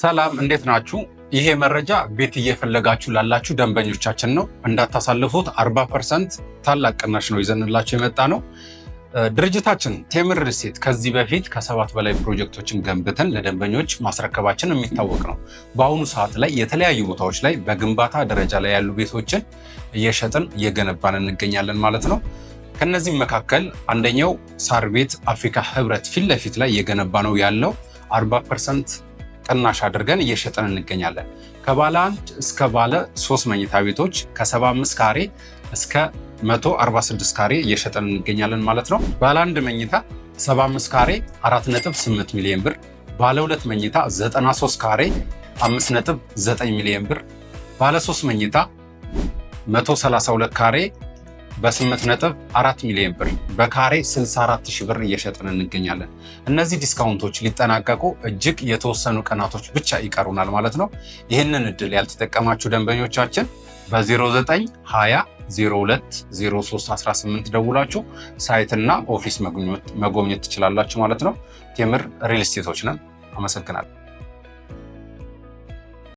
ሰላም እንዴት ናችሁ? ይሄ መረጃ ቤት እየፈለጋችሁ ላላችሁ ደንበኞቻችን ነው፣ እንዳታሳልፉት። 40 ፐርሰንት ታላቅ ቅናሽ ነው ይዘንላችሁ የመጣ ነው። ድርጅታችን ቴምር ሪልስቴት ከዚህ በፊት ከሰባት በላይ ፕሮጀክቶችን ገንብተን ለደንበኞች ማስረከባችን የሚታወቅ ነው። በአሁኑ ሰዓት ላይ የተለያዩ ቦታዎች ላይ በግንባታ ደረጃ ላይ ያሉ ቤቶችን እየሸጥን እየገነባን እንገኛለን ማለት ነው። ከነዚህም መካከል አንደኛው ሳር ቤት አፍሪካ ህብረት ፊት ለፊት ላይ እየገነባ ነው ያለው 40 ፐርሰንት ቅናሽ አድርገን እየሸጠን እንገኛለን። ከባለ አንድ እስከ ባለ ሶስት መኝታ ቤቶች ከ75 ካሬ እስከ 146 ካሬ እየሸጠን እንገኛለን ማለት ነው። ባለ አንድ መኝታ 75 ካሬ 4.8 ሚሊዮን ብር፣ ባለ ሁለት መኝታ 93 ካሬ 5.9 ሚሊዮን ብር፣ ባለ ሶስት መኝታ 132 ካሬ በ8 ነጥብ 4 ሚሊዮን ብር በካሬ 64 ሺህ ብር እየሸጥን እንገኛለን። እነዚህ ዲስካውንቶች ሊጠናቀቁ እጅግ የተወሰኑ ቀናቶች ብቻ ይቀሩናል ማለት ነው። ይህንን እድል ያልተጠቀማችሁ ደንበኞቻችን በ0920 020318 ደውላችሁ ሳይትና ኦፊስ መጎብኘት ትችላላችሁ ማለት ነው። ቴምር ሪል ስቴቶች ነን። አመሰግናለሁ።